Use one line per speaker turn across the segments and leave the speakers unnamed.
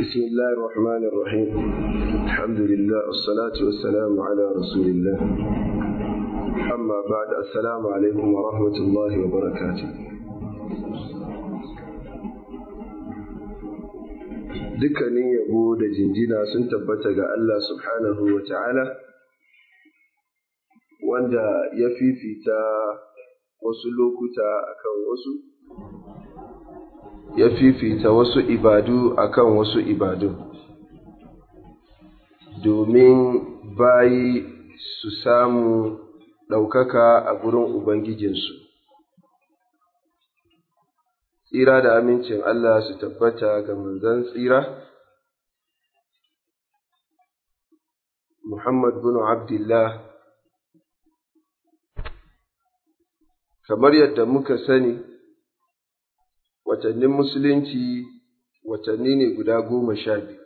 بسم الله الرحمن الرحيم الحمد لله والصلاة والسلام على رسول الله أما بعد السلام عليكم ورحمة الله وبركاته dukkanin yabo da jinjina sun tabbata ga Allah subhanahu wa ta'ala wanda ya fifita wasu lokuta akan wasu ya fifita wasu ibadu a kan wasu ibadu domin bayi su samu ɗaukaka a gurin Ubangijinsu. Tsira da amincin Allah su tabbata ga manzan tsira, Muhammad bin Abdullah, kamar yadda muka sani, watannin musulunci watanni ne guda goma sha biyu,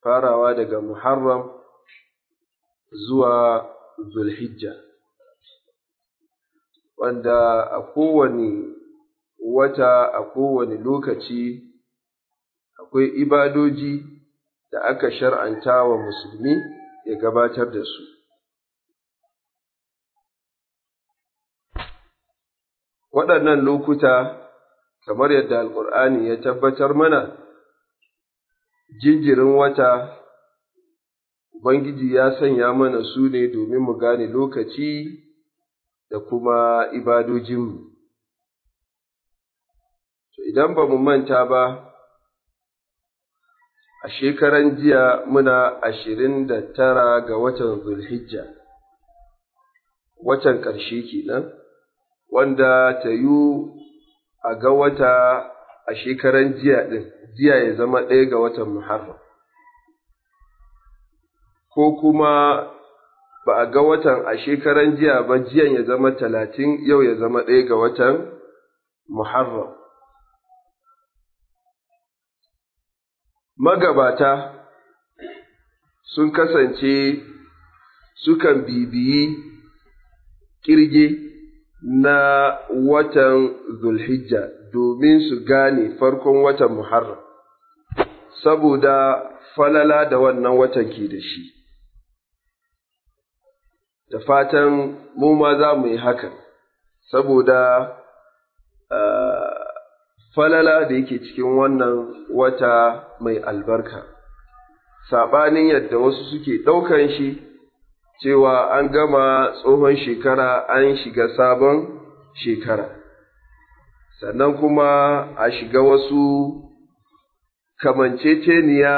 farawa daga Muharram zuwa Zulhijja, wanda a kowane wata a kowane lokaci akwai ibadoji da aka shar'anta wa musulmi ya gabatar da su. waɗannan lokuta kamar yadda Alƙur'ani ya tabbatar mana, jinjirin wata Ubangiji ya sanya mana su ne domin mu gane lokaci da kuma ibadojinmu. Idan ba mu manta ba, a shekaran jiya muna ashirin da tara ga watan Zulhijja, watan ƙarshe kenan. wanda ta yi a ga wata a shekaran jiya ɗin, jiya ya zama ɗaya ga watan Muharram. Ko kuma ba a ga watan a shekaran jiya ba jiya ya zama talatin yau ya zama ɗaya ga watan Muharram. Magabata sun kasance sukan bibiyi ƙirge na watan Zulhijja domin su gane farkon watan Muharram, saboda falala da wannan watan ke da shi. Da fatan mu ma za mu yi hakan, saboda falala da yake cikin wannan wata mai albarka, saɓanin yadda wasu suke ɗaukan shi. cewa an gama tsohon shekara an shiga sabon shekara sannan kuma a shiga wasu kamanceceniya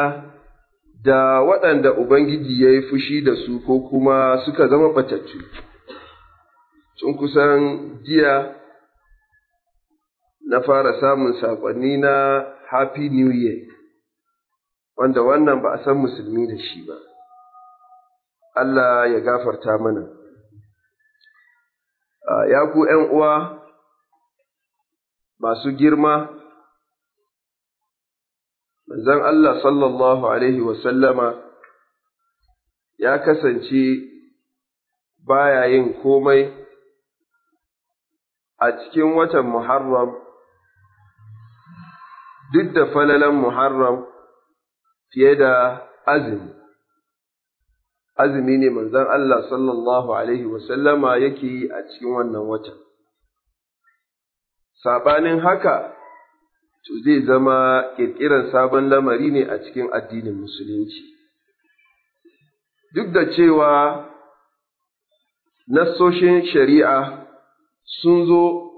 da waɗanda Ubangiji ya yi fushi da su ko kuma suka zama ɓatattu. Tun kusan jiya na fara samun saƙonni na Happy New Year, wanda wannan ba a san musulmi da shi ba. Allah ya gafarta mana. Ya ku ’yan uwa masu girma, manzon Allah sallallahu Alaihi wasallama ya kasance baya yin komai a cikin watan Muharram, duk da falalan Muharram fiye da azumi. azumi ne manzon Allah sallallahu alaihi wasallama yake yi a cikin wannan watan. Saɓanin haka, to zai zama ƙirƙiran sabon lamari ne a cikin addinin Musulunci. Duk da cewa nassoshin shari'a sun zo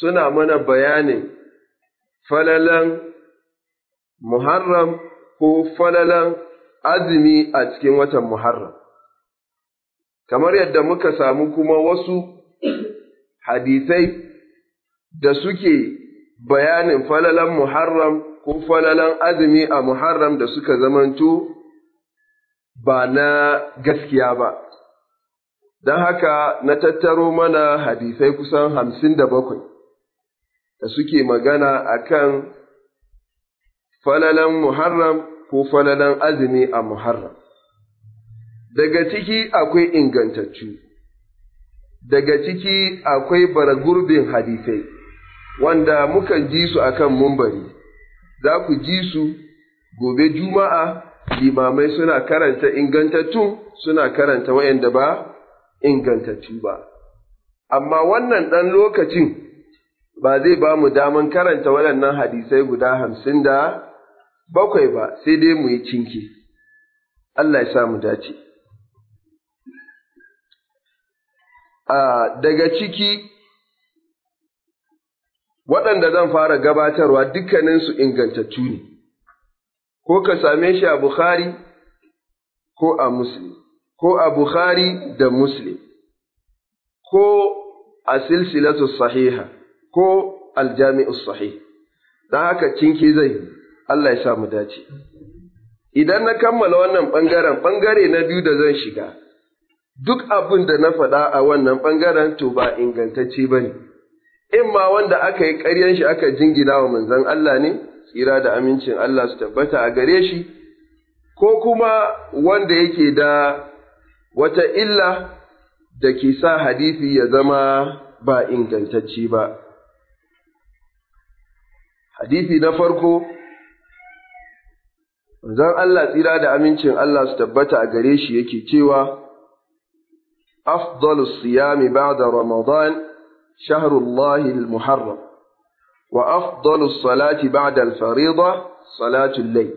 suna mana bayanin falalan Muharram ko falalan azumi a cikin watan Muharram. Kamar yadda muka samu kuma wasu hadisai da suke bayanin falalan Muharram ko falalan azumi a Muharram da suka zamanto ba na gaskiya ba. Don haka na tattaro mana hadisai kusan hamsin da bakwai da suke magana akan falalan Muharram ko falalan azumi a Muharram. Daga ciki akwai ingantattu, daga ciki akwai baragurbin hadisai, wanda muka ji su akan kan mumbari, za ku ji su gobe Juma'a limamai suna karanta ingantattun suna karanta wayanda ba ingantattu ba. Amma wannan ɗan lokacin ba zai ba mu daman karanta waɗannan hadisai guda hamsin da bakwai ba sai dai mu yi cinki. Allah ya sa mu dace. Daga ciki waɗanda zan fara gabatarwa dukkaninsu ingantattu ne, ko ka same shi a Bukhari ko a Muslim, ko a Bukhari da Muslim, ko a silsilatu sahiha ko aljami'u sahih, don haka cinki zai yi. Allah ya sa mu dace. Idan na kammala wannan ɓangaren, ɓangare na biyu da zan shiga, duk abin da na faɗa a wannan ɓangaren to ba ingantacce ba ne, in ma wanda aka yi ƙaryan shi aka jingina wa manzon Allah ne, tsira da amincin Allah su tabbata a gare shi, ko kuma wanda yake da wata illa da ke sa hadisi ya zama ba ingantacci ba. Hadisi na farko. Manzon Allah tsira da amincin Allah su tabbata a gare shi yake cewa, Afdalus siyami ba'da Ramadan shahrullahi muharram wa afdalus salati ba'da fariḍa salatul layl.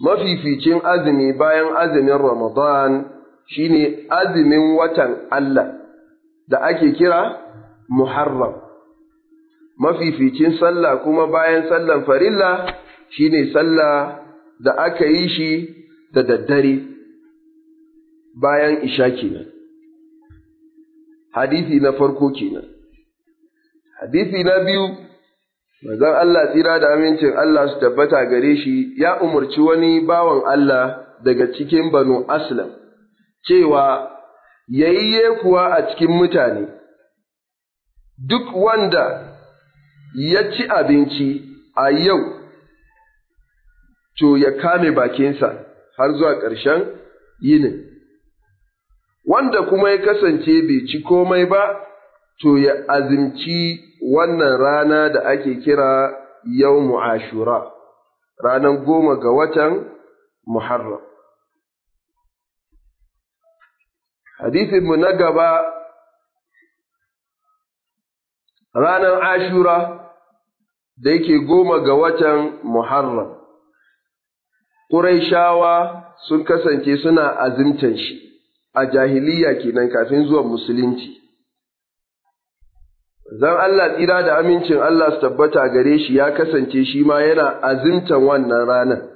Mafificin azumi bayan azumin Ramadan shine azumin watan Allah da ake kira Muharram. Mafificin sallah kuma bayan sallan farilla shine sallah da aka yi shi da daddare bayan isha kenan hadisi na farko kenan hadisi na biyu manzon Allah tsira da amincin Allah su tabbata gare shi ya umarci wani bawan Allah daga cikin banu aslam cewa yi kuwa a cikin mutane duk wanda ya ci abinci a yau to ya kame bakinsa har zuwa ƙarshen yinin. Wanda kuma ya kasance bai ci komai ba, to ya azimci wannan rana da ake kira yau mu'ashura ranar goma ga watan Muharram. Hadisinmu na gaba ranar ashura da yake goma ga watan Muharram. Ƙuraishawa sun kasance suna azimtan shi a jahiliya kenan kafin zuwan musulunci. Zan Allah tsira da amincin Allah su tabbata gare shi ya kasance shi ma yana azimtan wannan ranar.